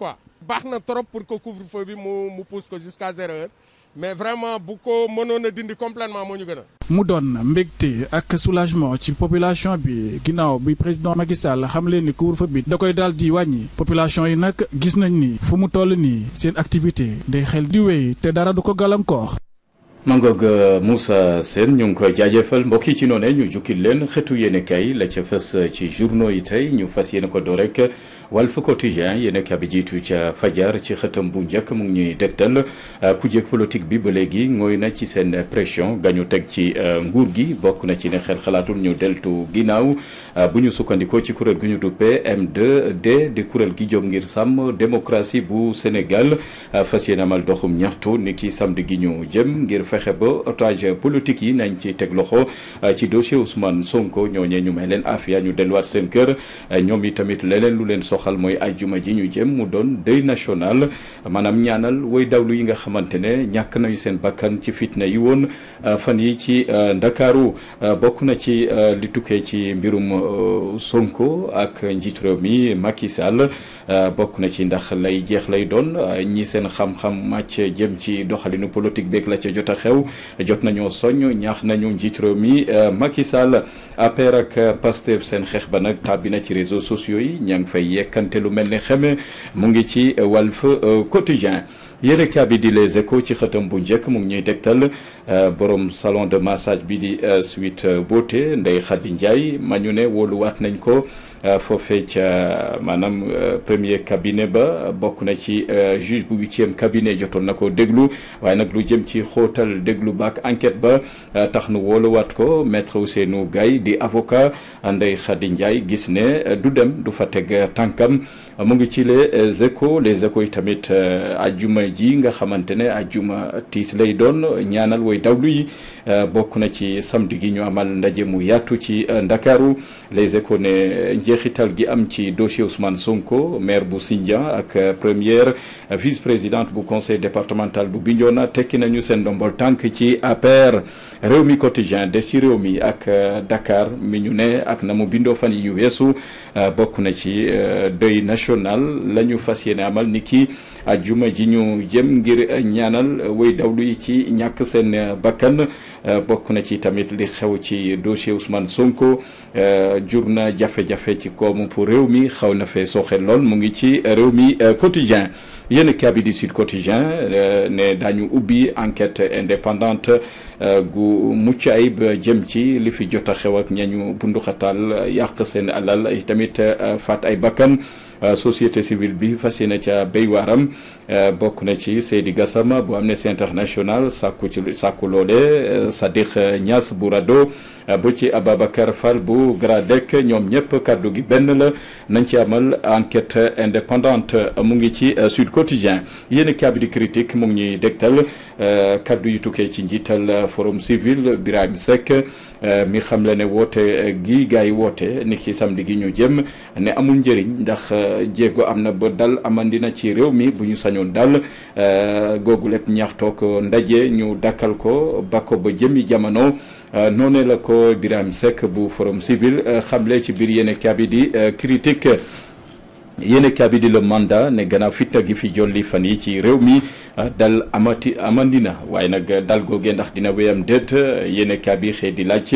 quoi baax na trop pour que couvre-feu bi mu mu pousse ko jusqu'à zéro heure mais vraiment bu ko mënoon a dindi complètement moo ñu gën a. mu doon mbégte ak soulagement ci population bi ginnaaw bi président Macky Sall xam leen ni couvre-feu bi da koy daal di wàññi population yi nag gis nañ ni fu mu toll nii seen activité day xel di wéy te dara du ko gàllankoor. mangoog euh, Moussa Sène ñu ngi koy jaajëfal mbokk yi ci noonee ñu jukkil leen xeetu yéene kay la ca fës ci journaux yi tey ñu fas yéene ko doo Walf Quotidien yéenekaay bi jiitu ca fajar ci xëtam bu njëkk mu ngi ñuy dégtal euh, kujje politique bi ba léegi ngooy na ci seen pression ga ñu teg ci euh, nguur gi bokk na ci ne xel xalaatul ñu deltu ginnaaw euh, bu ñu sukkandikoo ci kuréel gu ñu duppee M2D di kuréel gi jóg ngir sàmm démocratie bu Sénégal fas yéene amal doxum ñaxtu ni ki samedi gi ñu jëm ngir fexe ba otage politique yi nañ ci teg loxo ci dossier Ousmane Sonko ñooñee ñu may leen afiya ñu delluwaat seen kër soxal mooy ajjuma ji ñu jëm mu doon deuil national maanaam ñaanal woy dawlu yi nga xamante ne ñàkk nañu seen bakkan ci fitna yi woon euh, fan yi ci euh, ndakaaru euh, bokk na ci li tukkee ci mbirum Sonko ak njiitu réew mi Macky Sall bokk na ci ndax lay jeex lay doon ñi seen xam-xam màcc jëm ci doxalinu politique beeg la ca jot a xew jot nañoo soññ ñaax nañu njiitu réew mi Macky Sall APR ak Pastef seen xeex ba nag tàbbi na ci réseaux sociaux yi ña ngi fay fekkante lu mel ni xeme mu ngi ci Walf Quotidien yéen a bi di les échos ci xëtam bu njëkk mu ngi ñuy tegtal euh, borom salon de massage bi di euh, Sweet euh, Beauté Ndeye Khady Ndiaye mañu ñu ne wóoluwaat nañ ko foofee ca maanaam premier cabinet ba bokk na ci juge bu huitième cabinet jotoon na ko déglu waaye nag lu jëm ci xootal déglu baak enquête ba tax nu wóoluwaat ko maître Ousseynou Gaye di avocat Ndeye Khady Ndiaye gis ne du dem du fa teg tànkam mu ngi ci les échos les échos yi tamit ajjuma ji nga xamante ne ajjuma tiis lay doon ñaanal way dawlu yi euh, bokk na ci samedi gi ñu amal ndaje mu yaatu ci euh, Ndakaaru Les Échos ne euh, njeexital gi am ci dossier Ousmane Sonko maire bu Sindian ak première vice-présidente bu conseil départemental bu Bignona tekki nañu seen ndombol tànk ci APR réew mi quotidien des ci réew mi ak dakaar mi ñu ne ak na mu bindoo fan yi ñu weesu bokk na ci deuil national la ñu fas yéene amal ni ki ak ajjuma ji ñu jëm ngir ñaanal way dawlu yi ci ñàkk seen euh, bakkan euh, bokk na ci tamit li xew ci dossier Ousmane Sonko euh, jur na jafe-jafe ci koomu pour réew mi xaw na fee sooxe lool mu ngi ci réew mi quotidien yéen kabi di Sud Quotidien ne daañu ubbi enquête indépendante gu mucc ayib jëm ci li fi jot a xew ak ñañu bunduxatal yàq seen alal tamit faat ay bakkan Euh, société civile bi fas yéene ca béy waaram euh, bokk na ci Seydi Gassama bu Amnesty International sàkku ci sàkku loole euh, Sadikh Niass bu rado bu ci Ababacar Fall bu GRADEC ñoom ñëpp kaddu gi benn la nañ ci amal enquête indépendante mu ngi ci Sud Quotidien yéen a critique mu ngi ñuy dégtal. Eh, kaddu yu tukkee ci njiital eh, forum civil Birahim Seck eh, mi xam la ne woote gi gars yi woote nit ki samedi gi ñu jëm ne amul njëriñ ndax jéego am na ba dal amandina ci réew mi bu ñu sañoon dal googu lépp ñaxtoo ko ndaje ñu dakkal ko bakko ba jëmmi jamono noonee la ko Birahim Seck bu forum civil xamle ci biir yéene kabi di critique yéen a bi di la mandat ne gannaaw fitna gi fi jolli fan yi ci réew mi ah, dal amati amandina waaye nag dal googee ndax dina wéyam déet yéen a bi xëy di laaj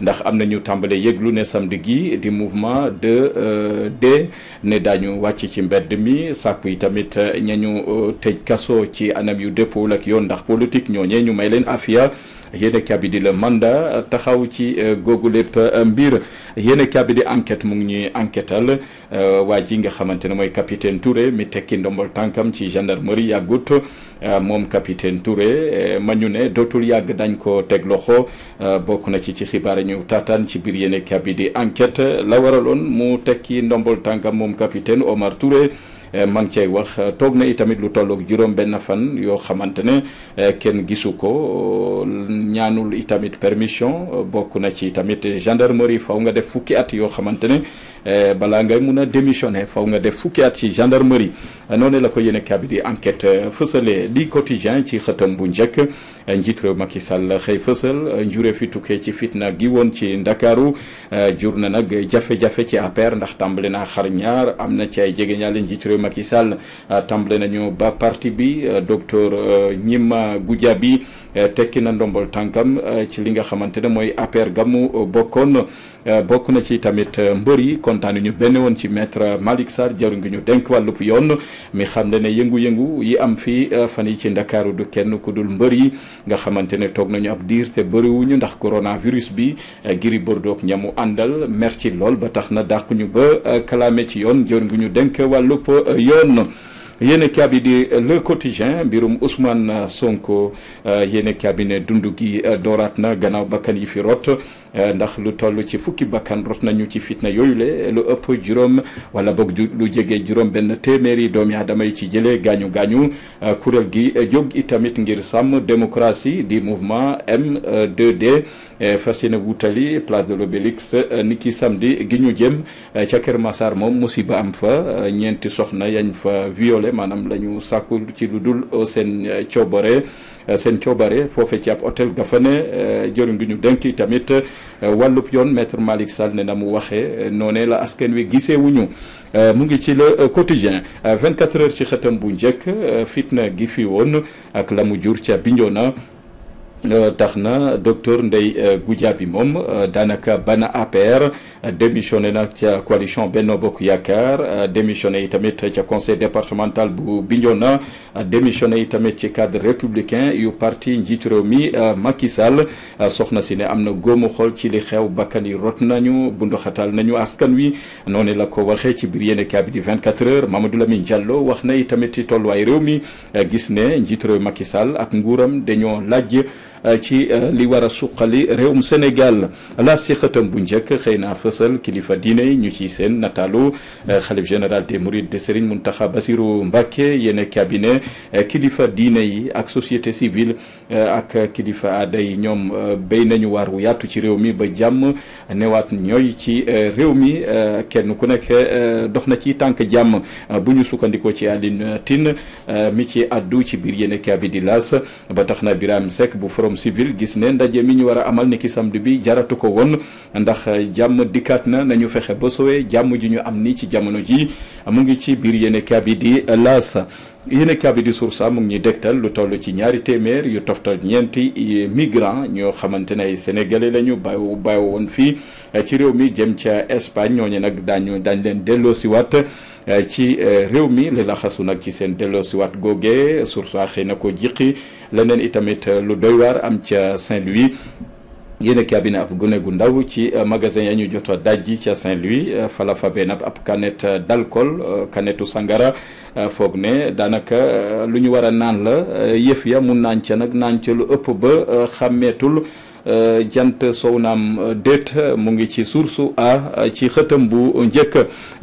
ndax am na ñu tàmbale yëglu ne samedi gi di mouvement de euh, de ne daañu wàcc ci mbedd mi sàkku yi tamit ñañu euh, tëj kaso ci anam yu dëppoo ak yoon ndax politique ñooñee ñu may leen afia yéen kabi di le mandat taxaw ci euh, googu lépp euh, mbir yéen kabi di mu ngi ñuy enquêtal euh, waa ji nga xamante ne mooy capitaine Touré mi tekki ndombol tànkam ci gendarmerie yàggut moom capitaine Touré ma ñu ne dootul yàgg dañ ko teg loxo bokk na ci ci xibaar ñu taataan ci biir yéen kabi di enquête la waraloon mu tekki ndombol tànkam moom capitaine Omar Touré. Eh, ma ngi cey wax eh, toog na itamit lu tollook juróom benn fan yoo xamante ne eh, kenn gisu ko ñaanul itamit permission bokk na ci tamit gendarmerie faw nga def fukki at yoo xamante ne balaa ngay mun a démissionner faw nga def fukki at ci gendarmerie noonu la ko yéene kabi di enquête fësale di quotidien ci xëtam bu njëkk njiit réew Macky Sall xëy fësal njuree fi tukkee ci fitna gi woon ci Ndakaaru eh, jur na nag jafe-jafe ci APR ndax tàmbale naa xar ñaar am na ci ay jegeñaale njiit réew Macky Sall eh, tàmbale nañu ba parti bi eh, docteur Gnima Goudiaby tekki na ndombol tànkam ci li nga xamante ne mooy APR gamu bokkoon bokk na ci tamit mbër yi kontaan ñu benn woon ci maître Malick sar jaru ngi ñu denk wàllub yoon mi xam ne yëngu-yëngu yi am fii fan yi ci Ndakaaru du kenn ku dul mbër yi nga xamante ne toog nañu ab diir te bëriwuñu ndax coronavirus bi eh, Gris Bordeaux ak ñamu àndal merci lool ba tax na dàq ba eh, kalaame ci yoon jër ngu ñu dénk wàllub eh, yoon yéen kaabi di Le Quotidien mbirum Ousmane Sonko yéen kaabi ne dund gi dooraat na gannaaw bakkan yi fi rot Euh, ndax lu toll ci fukki bakkan rot nañu ci fitna yooyu le lu ëpp juróom wala boog lu jege juróom benn téeméeri doom aadama damay ci jëlee gaañu gaañu euh, kuréel gi euh, jóg itamit ngir sàmm démocratie di mouvement M2D fas yéene wutali place de l'Obélisque niki samdi gi ñu jëm ca Kër Massar moom musiba am fa ñeenti soxna yañ fa violé maanaam la ñu sàkku ci lu dul seen coobare seen coobare foofe ci ab hôtel ga fa ne jëriñ gi ñu dénk tamit Euh, wàllub yoon maître Malick Sall ne na mu waxee euh, noonee la askan wi gisee wuñu euh, mu ngi ci le quotidien 24 heures ci xëtam bu njëkk fitna gi fi woon ak la mu jur ca Bignona Euh, tax na docteur Ndeye euh, Goudiaby moom euh, daanaka bana APR démissionné nag ca coalition Benno Bokk Yaakaar démissionné yi tamit ca conseil départemental bu Bignona démissionné yi tamit ci cadre républicain yu parti njiitu réew mi Macky Sall soxna si ne am na góomu xol ci li xew bakkan yi rot nañu bunduxatal nañu askan wi noonu la ko waxee ci biir yéen a bi di 24 heures Mamadou Lamine Diallo wax na i tamit ci tolluwaay réew mi gis ne njiitu réew Macky Sall ak nguuram dañoo laaj. Euh, ci euh, li war a suqali réewum Sénégal laas ci xëtam bu njëkk xëy naa fësal kilifa diine yi ñu ci seen nataalu euh, xalif général des mourides de Serigne Mountakha Bassirou Mbacké yéen cabinet kilifa diine yi ak société civile ak kilifa aada ñoom béy nañu waar wu yaatu ci réew mi ba jàmm newaat ñooy ci réew mi kenn ku nekk dox na ci tànk jàmm bu ñu sukkandikoo ci Alioune Tine mi ci addu ci biir yéen cabinet ba tax na Birame Seck bu forum civil gis ne ndaje mi ñu war a amal niki samedi bi jaratu ko woon ndax eh, jàmm dikkaat na nañu fexe ba sowee jàmm ju ñu am ni ci jamono ji mu ngi ci biir yéene kaabi di laas yéen a di source mu ngi ñuy lu toll ci ñaari téeméer yu toftal ñeenti eh, migrant ñoo xamante ne ay sénégalais lañu bàyyi bàyyi woon fii eh, ci réew mi jëm ca Espagne ñooñu nag daañu daañ leen delloo si waat Eh, ci eh, réew mi li laxasu nag ci seen delloosiwaat googe source a xëy na ko jiqi leneen itamit eh, lu doy am ca Saint-Louis yéen ak ab gune gu ndaw ci magasin ya ñu joto dajj ca Saint-Louis fala fa benn ab canette d'alcool canetu sàngara foog ne daanaka lu ñu war a naan la yëf ya mu naan ca nag naan ca lu ëpp ba xàmmeetul Euh, jant sow naam euh, déet mu ngi ci source a euh, ci xëtam bu njëkk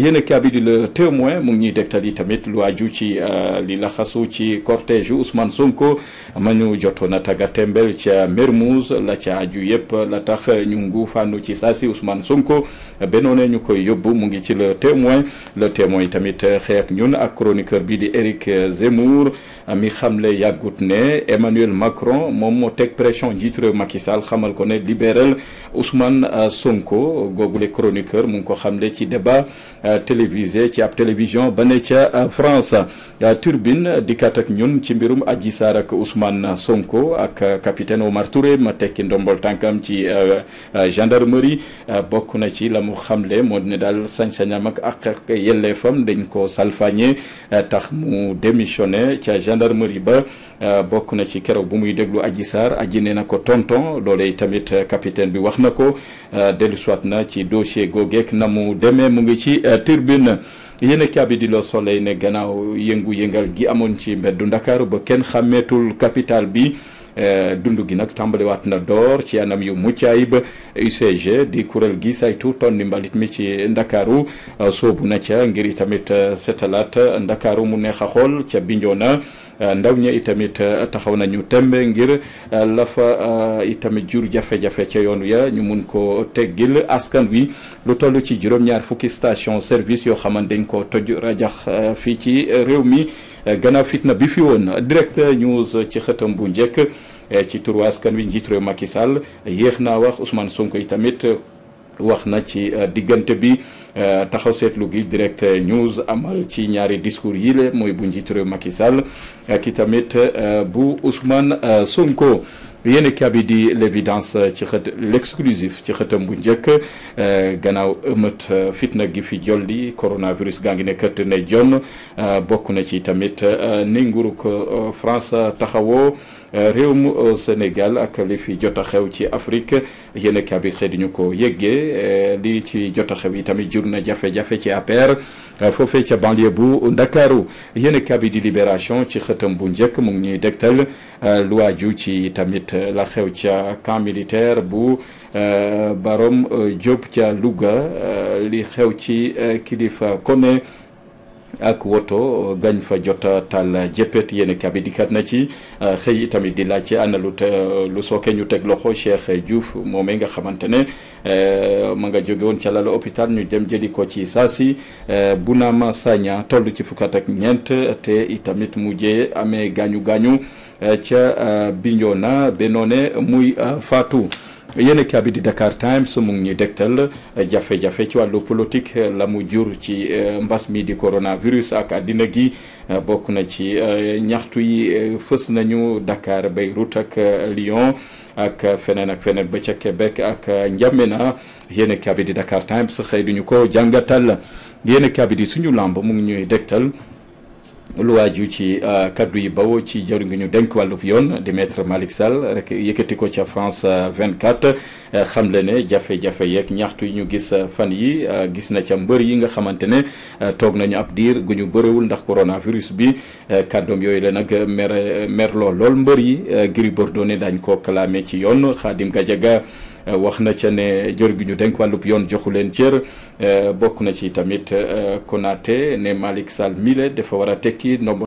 yenn a bi di le témoin mu ngi ñuy dégtal yi tamit lu aju ci li laxasu ci cortège yu Ousmane Sonko ma ñu jotoon a tagga tembel ca Mermoz la ca aju yëpp la tax ñu nguufaanu ci saa si Ousmane Sonko benoone ñu koy yóbbu mu ngi ci le témoin le témoin tamit xëy ak ñun ak chroniqueur bi di Eric Zemmour mi xamle yàggut ne Emmanuel Macron moom moo teg pression njiitu réew Macky Sall national xamal ko ne libéral Ousmane euh, Sonko googule chroniqueur mu ngi ko xamle ci débat euh, télévisé ci ab télévision ba ne ca euh, France turbine dikkaat ak ñun ci mbirum Adji Sarr ak Ousmane Sonko ak capitaine Omar Touré ma tekki ndombol tànkam ci gendarmerie bokk na ci la mu xamle moo ne daal sañ-sañam ak ak ak yelleefam dañ ko salfañe tax mu démissionné ca gendarmerie ba bokk na ci keroog bu muy déglu Adji Sarr aji ne na ko tonton loolee tamit euh, capitaine bi wax na ko euh, dellu soit na ci dossier googeek na mu demee mu ngi ci euh, tribune na yenn cabidilo di ne gannaaw yëngu-yëngal gi amoon ci mbeddu Ndakaaru ba kenn xàmmeetul capital bi Eh, dund gi nag tàmbaliwaat na door ci anam yu mucc ayib UCG di kuréel gi saytu tonni mbalit mi ci ndakaaru eh, soobu na ca ngir itamit eh, setalaat ndakaaru mu neex a xool ca Bignona ndaw ña itamit taxaw nañu tembe ngir lafa fa itamit jur jafe-jafe ca yoon ya ñu mun ko teggil askan wi lu toll ci juróom-ñaar fukki station service yoo xamante dañ ko toj rajax fii ci réew mi Eh, gannaaw fitna bi fi woon direct news ci xëtam bu njëkk eh, ci turu askan wi njiit réew Macky Sall yéex naa wax Ousmane Sonko yi tamit eh, wax na ci diggante bi taxaw seetlu gi direct news amal ci ñaari discours yi le mooy bu njiit réew Macky Sall ak i tamit bu Ousmane Sonko. yéen a bi di l' évidence ci xët l' ci xëtam bu njëkk euh, gannaaw ëmët euh, fitna gi fi jolli coronavirus gaa ngi ne kët ne jonn bokk na ci tamit euh, ni nguruk France taxawoo réew réewum Sénégal ak li fi jot a xew ci Afrique yéen a bi xëy ñu ko yëggee li ci jot a xew yi tamit jur na jafe-jafe ci APR. Euh, foofee ca banlieue bu Ndakaaru yéen a kabi libération ci xëtam bu njëkk mu ngi ñuy dégtal euh, lu waaju ci tamit euh, la xew ca camp militaire bu Barom Diop ca Louga li xew ci kilifa Kone ak woto gañ fa jot a taal jëppët yéen kabi na ci euh, xëy tamit di laajte ana lu te lu sooke ñu teg loxo Cheikh Diouf moomee nga xamante ne euh, ma nga jóge woon ca lala hôpital ñu dem jëli ko ci saasi euh, Bounama Sagna tollu ci fukkat ak ñeent te itamit mujjee amee gaañu gaañu ca binjoo na noone muy faatu. yenn kaa bi di Dakar Times mu ngi ñuy dégtal jafe-jafe ci wàllu politique eh, la mu jur ci eh, mbas mi di coronavirus ak àddina gi eh, bokk na ci ñaxtu yi fës nañu Dakar Beyrouth ak Lyon ak feneen ak feneen ba ca Québec ak N'Djamena na yenn bi di Dakar Times xëy duñu ko jàngatal la yenn bi suñu lamb mu ngi ñuy dégtal. lu yu ci euh, kaddu yi baw ci jawri ngi ñu denk wàllub yoon di maître Malick Sall rek yëkkati ko ca France 24 xam le ne jafe-jafe yeeg ñaxtu yi ñu gis euh, fan yi euh, gis na ca mbër yi nga xamante ne toog nañu ab diir gu ñu bëriwul ndax coronavirus bi kàddoom yooyu la nag mer merloo lool mbër yi Gris Bordeaux ne daañ ko clamé ci yoon Khadim Gadiaga wax na ca ne jor gi ñu dénk wàllub yoon joxu leen cër eh, bokk na ci tamit eh, Konaté ne Malick Sall mile dafa war a tekki ndombo